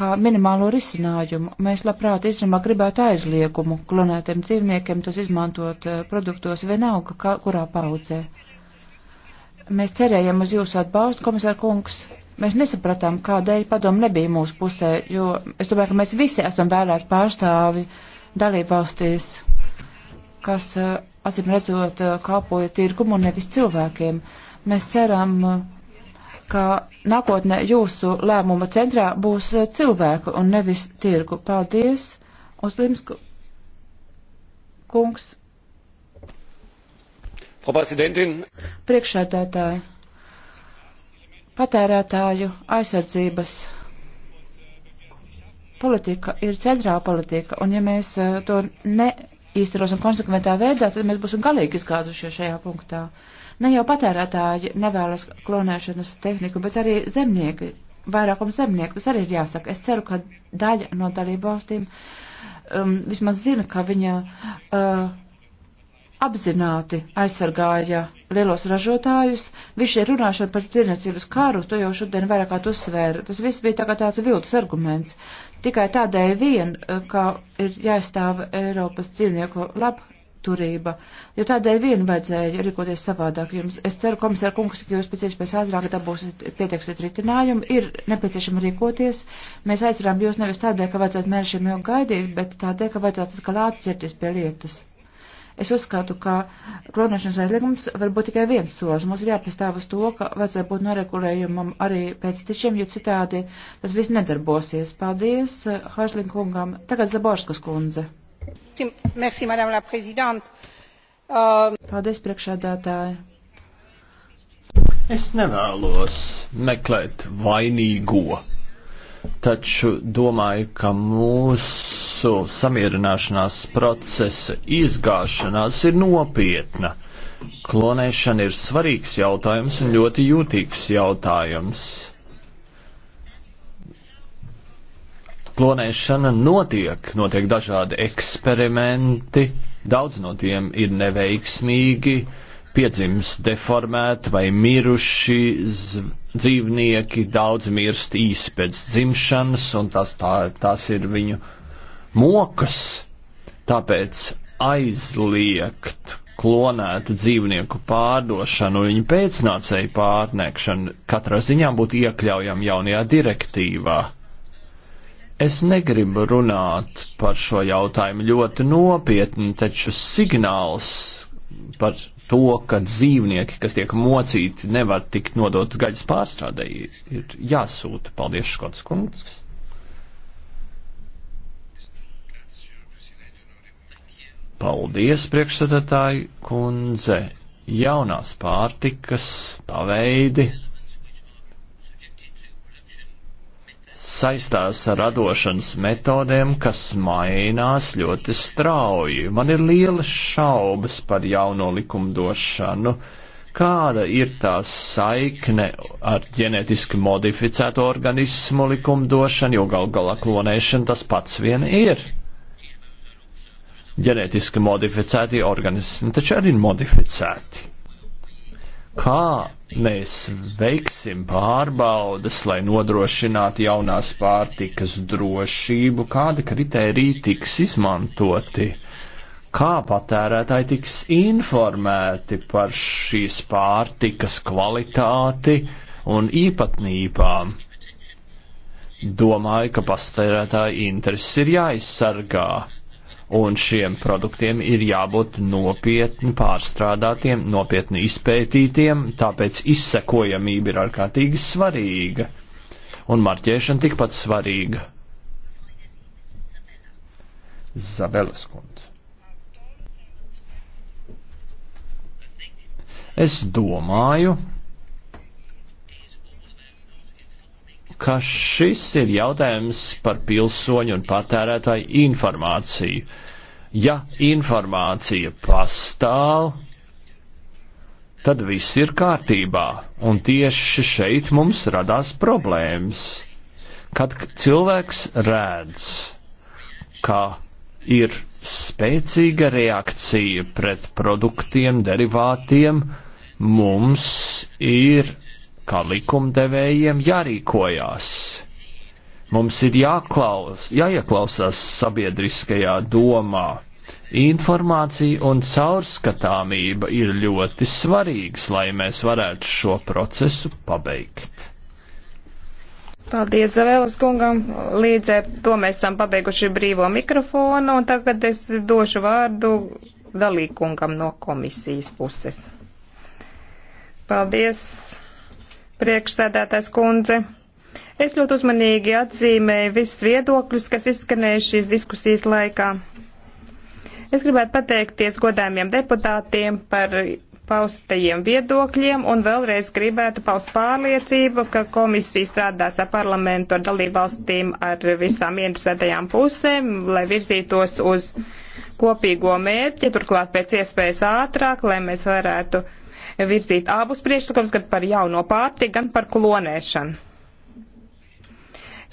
kā minimālo risinājumu. Mēs labprāt īstenībā gribētu aizliegumu klonētiem dzīvniekiem tos izmantot uh, produktos vienalga, kā, kurā paudzē. Mēs cerējām uz jūsu atbalstu, komisār kungs. Mēs nesapratām, kādēļ padomu nebija mūsu pusē, jo es domāju, ka mēs visi esam vēlēti pārstāvi dalībvalstīs, kas eh, acīm redzot eh, kalpoja tirgumu un nevis cilvēkiem. Mēs ceram, eh, ka nākotnē jūsu lēmuma centrā būs cilvēku un nevis tirgu. Paldies, Oslimsku kungs. Frau Präsidentin! priekšsēdētāji, patērētāju aizsardzības politika ir centrāla politika, un ja mēs eh, to neīstenosim konsekventā veidā, tad mēs būsim galīgi izgāzušies šajā punktā. Ne jau patērētāji nevēlas klonēšanas tehniku, bet arī zemnieki, vairākums zemnieku, tas arī ir jāsaka. Es ceru, ka daļa no dalību valstīm um, vismaz zina, ka viņa. Uh, apzināti aizsargāja lielos ražotājus. Viss šie runāšana par tirniecības karu, to jau šodien vairāk kā uzsvēra. Tas viss bija tā tāds viltus arguments. Tikai tādēļ vien, eh, ka ir jāizstāv Eiropas dzīvnieku labturība, jo tādēļ vien vajadzēja rīkoties savādāk. Jums, es ceru, komisāra kungs, ka jūs pēc iespējas ātrāk dabūsiet pieteiksiet ritinājumu, ir nepieciešama rīkoties. Mēs aicinām jūs nevis tādēļ, ka vajadzētu mēnešiem jau gaidīt, bet tādēļ, ka vajadzētu atkal ātri ķerties pie lietas. Es uzskatu, ka klonēšanas aizliegums var būt tikai viens solis. Mums ir jāpastāv uz to, ka vajadzētu būt noregulējumam arī pēc tičiem, jo citādi tas viss nedarbosies. Paldies eh, Hašlin kungam. Tagad Zaborskas kundze. Merci, madame la présidente. Um... Paldies, priekšādātāji. Es nevēlos meklēt vainīgo taču domāju, ka mūsu samierināšanās procesa izgāšanās ir nopietna. Klonēšana ir svarīgs jautājums un ļoti jūtīgs jautājums. Klonēšana notiek, notiek dažādi eksperimenti, daudz no tiem ir neveiksmīgi, piedzimst deformēti vai miruši zvaigžņi dzīvnieki daudz mirst īsi pēc dzimšanas, un tas, tā, tas ir viņu mokas. Tāpēc aizliegt klonētu dzīvnieku pārdošanu un viņu pēcnācēju pārnēkšanu katrā ziņā būtu iekļaujam jaunajā direktīvā. Es negribu runāt par šo jautājumu ļoti nopietni, taču signāls par to, ka dzīvnieki, kas tiek mocīti, nevar tikt nodot gaļas pārstrādēji, ir jāsūta. Paldies, Škots kungs! Paldies, priekšsēdētāji kundze! Jaunās pārtikas paveidi saistās ar radošanas metodēm, kas mainās ļoti strauji. Man ir lielas šaubas par jauno likumdošanu. Kāda ir tā saikne ar ģenetiski modificēto organismu likumdošanu, jo gal galā klonēšana tas pats vien ir? Ģenetiski modificēti organismi taču arī ir modificēti kā mēs veiksim pārbaudas, lai nodrošinātu jaunās pārtikas drošību, kādi kriteriji tiks izmantoti, kā patērētāji tiks informēti par šīs pārtikas kvalitāti un īpatnībām. Domāju, ka pastērētāji intereses ir jāizsargā un šiem produktiem ir jābūt nopietni pārstrādātiem, nopietni izpētītiem, tāpēc izsekojamība ir ārkārtīgi svarīga, un marķēšana tikpat svarīga. Zabelas kundze. Es domāju, ka šis ir jautājums par pilsoņu un patērētāju informāciju. Ja informācija pastāv, tad viss ir kārtībā, un tieši šeit mums radās problēmas. Kad cilvēks redz, ka ir spēcīga reakcija pret produktiem, derivātiem, mums ir kā likumdevējiem jārīkojās. Mums ir jāklaus, jāieklausās sabiedriskajā domā. Informācija un caurskatāmība ir ļoti svarīgs, lai mēs varētu šo procesu pabeigt. Paldies Zavēlas kungam. Līdz ar to mēs esam pabeiguši brīvo mikrofonu, un tagad es došu vārdu dalīkungam no komisijas puses. Paldies! priekšsēdētājs kundze. Es ļoti uzmanīgi atzīmēju visus viedokļus, kas izskanēja šīs diskusijas laikā. Es gribētu pateikties godājumiem deputātiem par paustajiem viedokļiem un vēlreiz gribētu paust pārliecību, ka komisija strādās ar parlamentu, ar dalībvalstīm, ar visām interesētajām pusēm, lai virzītos uz kopīgo mērķi, turklāt pēc iespējas ātrāk, lai mēs varētu uh, virzīt abus priekšlikumus, gan par jauno pārtiku, gan par klonēšanu.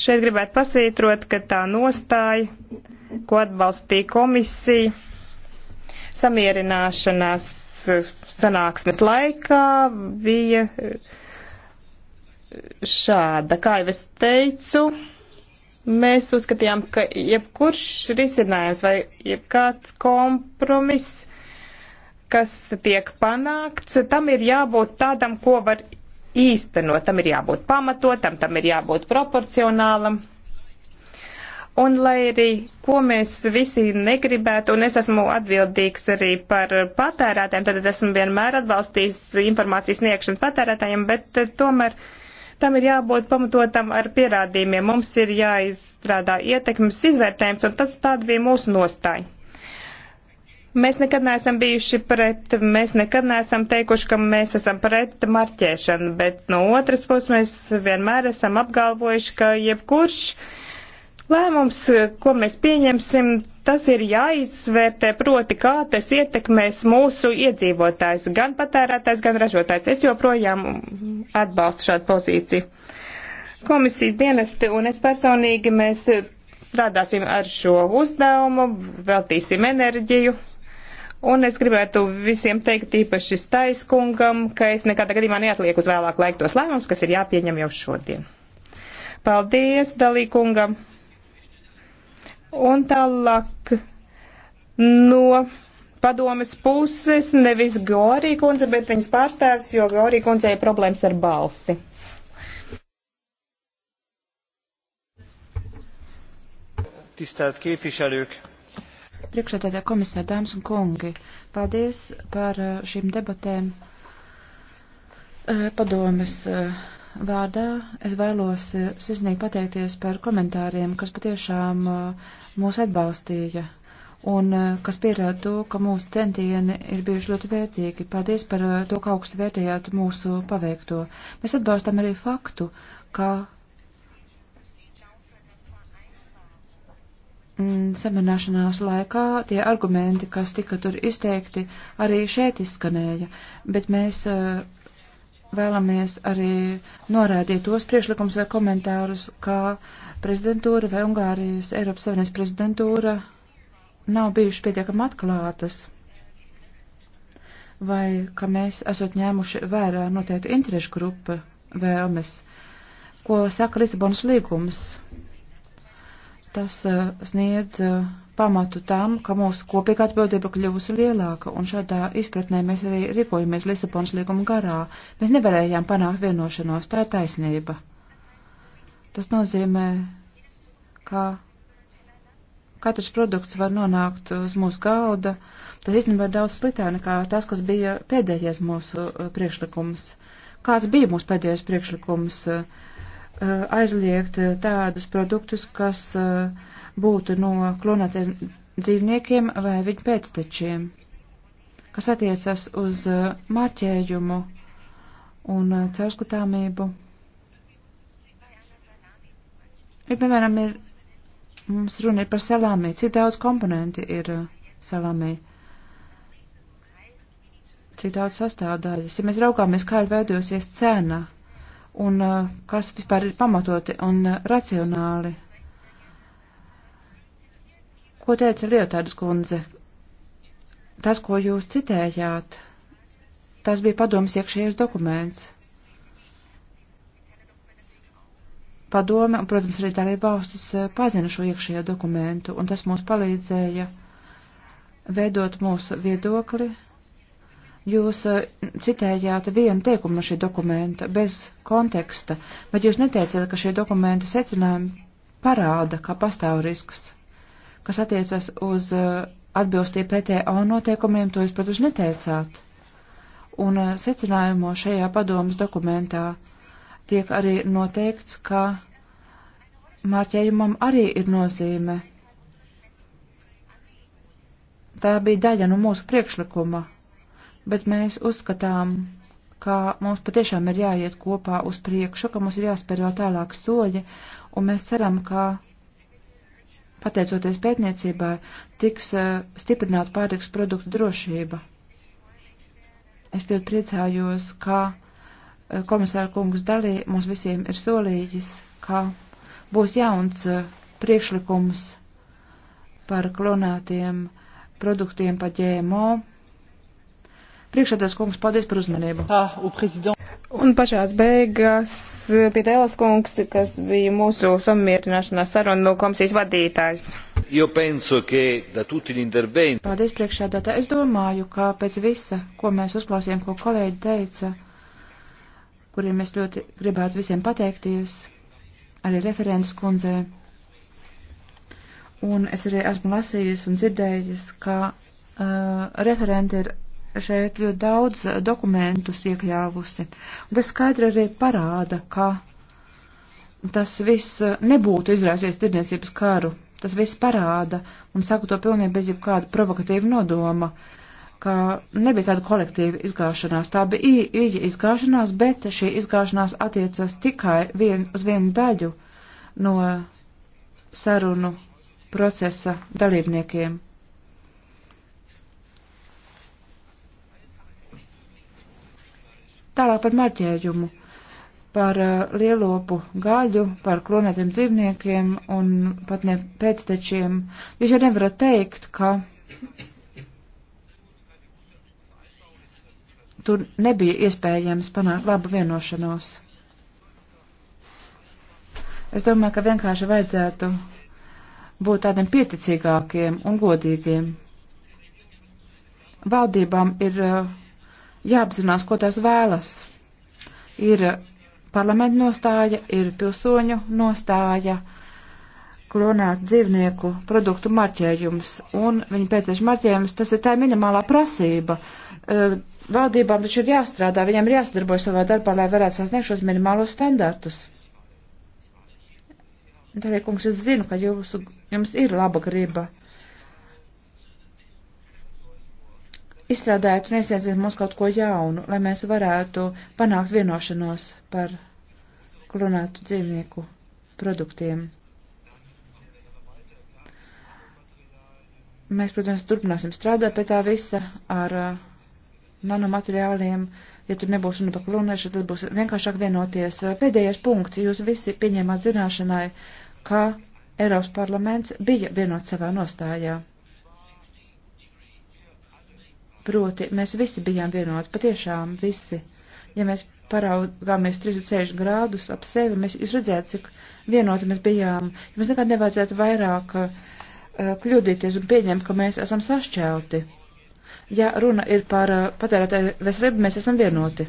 Šeit gribētu pasvītrot, ka tā nostāja, ko atbalstīja komisija, samierināšanās eh, sanāksmes laikā bija eh, šāda. Kā jau es teicu, mēs uzskatījām, ka jebkurš risinājums vai jebkāds kompromiss kas tiek panākts, tam ir jābūt tādam, ko var īstenot. Tam ir jābūt pamatotam, tam ir jābūt proporcionālam. Un lai arī, ko mēs visi negribētu, un es esmu atbildīgs arī par patērētājiem, tad esmu vienmēr atbalstījis informācijas sniegšanu patērētājiem, bet eh, tomēr tam ir jābūt pamatotam ar pierādījumiem. Mums ir jāizstrādā ietekmes izvērtējums, un tas tāda bija mūsu nostāja. Mēs nekad neesam bijuši pret, mēs nekad neesam teikuši, ka mēs esam pret marķēšanu, bet no otras puses mēs vienmēr esam apgalvojuši, ka jebkurš lēmums, ko mēs pieņemsim, tas ir jāizvērtē, proti, kā tas ietekmēs mūsu iedzīvotājs, gan patērētājs, gan ražotājs. Es joprojām atbalstu šādu pozīciju. Komisijas dienesti un es personīgi mēs strādāsim ar šo uzdevumu, veltīsim enerģiju Un es gribētu visiem teikt, īpaši Staiskungam, ka es nekādā gadījumā neatlieku uz vēlāku laiku tos lēmumus, kas ir jāpieņem jau šodien. Paldies, Dalīkungam! Un tālāk no padomes puses nevis Gorī kundze, bet viņas pārstāvs, jo Gorī kundze ir problēmas ar balsi. Tisztelt képviselők! priekšsēdētā komisija, dāmas un kungi. Paldies par eh, šīm debatēm eh, padomes eh, vārdā. Es vēlos sirsnīgi pateikties par komentāriem, kas patiešām mūs atbalstīja un kas pierāda to, ka mūsu centieni ir bijuši ļoti vērtīgi. Paldies par to, ka augstu vērtējāt mūsu paveikto. Mēs atbalstam arī faktu, ka Mm, samierināšanās laikā tie argumenti, kas tika tur izteikti, arī šeit izskanēja, bet mēs eh, vēlamies arī norādīt tos priekšlikums vai komentārus, kā prezidentūra vai Ungārijas Eiropas Savienības prezidentūra nav bijuši pietiekami atklātas vai ka mēs esot ņēmuši vērā noteiktu interešu grupu vēlmes, ko saka Lisabonas līgums Tas uh, sniedz uh, pamatu tam, ka mūsu kopīga atbildība kļuvusi lielāka, un šādā izpratnē mēs arī rīkojamies Lisabonas līguma garā. Mēs nevarējām panākt vienošanos, tā ir taisnība. Tas nozīmē, ka katrs produkts var nonākt uz mūsu galda. Tas īstenībā ir daudz sliktāk nekā tas, kas bija pēdējais mūsu eh, priekšlikums. Kāds bija mūsu pēdējais priekšlikums? Uh, Eh, aizliegt eh, tādus produktus, kas eh, būtu no klonētiem dzīvniekiem vai viņu pēctečiem, kas attiecas uz marķējumu un caurskatāmību. Ir, piemēram, ir, mums runa ir par salāmī, cik daudz komponenti ir salāmī, cik daudz sastāvdaļas. Ja mēs raugāmies, kā ir veidojusies cena, un uh, kas vispār ir pamatoti un uh, racionāli. Ko teica Lietārdas kundze? Tas, ko jūs citējāt, tas bija padomas iekšējais dokuments. Padome, un, protams, arī darīja valstis uh, pazina šo iekšējo dokumentu, un tas mums palīdzēja veidot mūsu viedokli Jūs eh, citējāt vienu teikumu no šī dokumenta bez konteksta, bet jūs neteicāt, ka šie dokumenta secinājumi parāda, ka pastāv risks, kas attiecas uz eh, atbilstību PTO noteikumiem, to jūs, protams, neteicāt. Un eh, secinājumo šajā padomas dokumentā tiek arī noteikts, ka mārķējumam arī ir nozīme. Tā bija daļa no mūsu priekšlikuma bet mēs uzskatām, ka mums patiešām ir jāiet kopā uz priekšu, ka mums ir jāspēr vēl tālāk soļi, un mēs ceram, ka pateicoties pētniecībai, tiks uh, stiprināta pārtiks produktu drošība. Es ļoti priecājos, ka uh, komisāra kungs dalī mums visiem ir solījis, ka būs jauns uh, priekšlikums par klonētiem produktiem pa ģēmo Priekšādās kungs, paldies par uzmanību. Ah, un pašās beigās pie tēlas kungs, kas bija mūsu samierināšanās sarunu komisijas vadītājs. Io penso che da tutti gli interventi. Paldies priekšādātā. Es domāju, ka pēc visa, ko mēs uzklausījām, ko kolēģi teica, kuriem es ļoti gribētu visiem pateikties, arī referents kundzē. Un es arī esmu lasījis un dzirdējis, ka uh, referenti ir šeit ļoti daudz dokumentus iekļāvusi. Un tas skaidri arī parāda, ka tas viss nebūtu izraisījis tirdzniecības karu. Tas viss parāda, un saku to pilnīgi bez jebkāda provokatīva nodoma, ka nebija tāda kolektīva izgāšanās. Tā bija īļa izgāšanās, bet šī izgāšanās attiecas tikai vien, uz vienu daļu no sarunu procesa dalībniekiem. Tālāk par marķējumu, par uh, lielopu gaļu, par klonētiem dzīvniekiem un pat ne pēctečiem. Jūs jau nevarat teikt, ka tur nebija iespējams panākt labu vienošanos. Es domāju, ka vienkārši vajadzētu būt tādiem pieticīgākiem un godīgiem. Valdībām ir uh, jāapzinās, ko tās vēlas. Ir parlamenta nostāja, ir pilsoņu nostāja, klonētu dzīvnieku produktu marķējums, un viņa pēcieši marķējums, tas ir tā minimālā prasība. E, valdībām taču ir jāstrādā, viņiem ir jāsadarbojas savā darbā, lai varētu sasniegt šos minimālos standartus. Darīja kungs, es zinu, ka jūs, jums ir laba griba. izstrādājiet un iesniedziet mums kaut ko jaunu, lai mēs varētu panākt vienošanos par klonētu dzīvnieku produktiem. Mēs, protams, turpināsim strādāt pie tā visa ar uh, nanomateriāliem. Ja tur nebūs runa par klonēšanu, tad būs vienkāršāk vienoties. Uh, pēdējais punkts. Jūs visi pieņēmāt zināšanai, ka Eiropas parlaments bija vienots savā nostājā. Proti, mēs visi bijām vienoti, patiešām visi. Ja mēs paraugāmies 36 grādus ap sevi, mēs jūs redzētu, cik vienoti mēs bijām. Mums nekad nevajadzētu vairāk uh, kļūdīties un pieņemt, ka mēs esam sašķelti. Ja runa ir par uh, patērētāju veselību, mēs esam vienoti.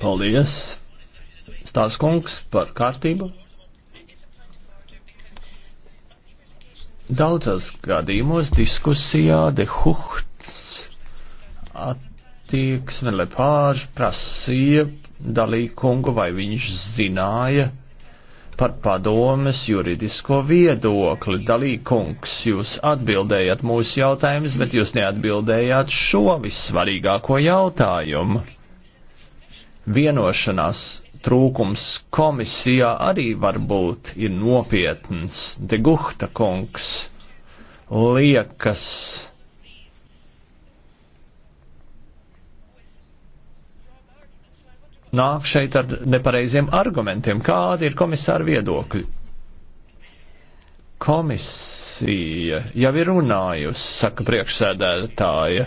Paldies, Stāsts kungs, par kārtību. Daudzos gadījumos diskusijā de Huhts attieksme Lepāža prasīja dalīkungu, vai viņš zināja par padomes juridisko viedokli. Dalīkungs, jūs atbildējat mūsu jautājumus, bet jūs neatbildējāt šo vissvarīgāko jautājumu. Vienošanās trūkums komisijā arī varbūt ir nopietns. De Guhta kungs liekas. Nāk šeit ar nepareiziem argumentiem. Kādi ir komisāra viedokļi? Komisija jau ir runājusi, saka priekšsēdētāja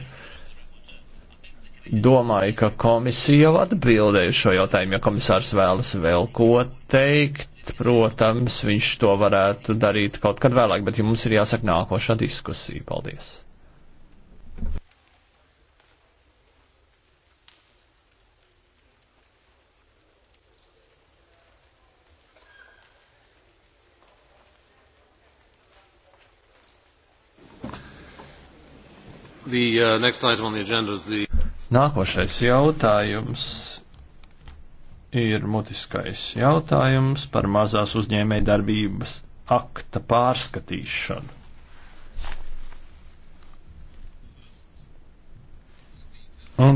domāju, ka komisija jau atbildēja šo jautājumu, ja komisārs vēlas vēl ko teikt. Protams, viņš to varētu darīt kaut kad vēlāk, bet ja mums ir jāsaka nākošā diskusija. Paldies! The uh, next item on the agenda is the Nākošais jautājums ir mutiskais jautājums par mazās uzņēmējdarbības akta pārskatīšanu.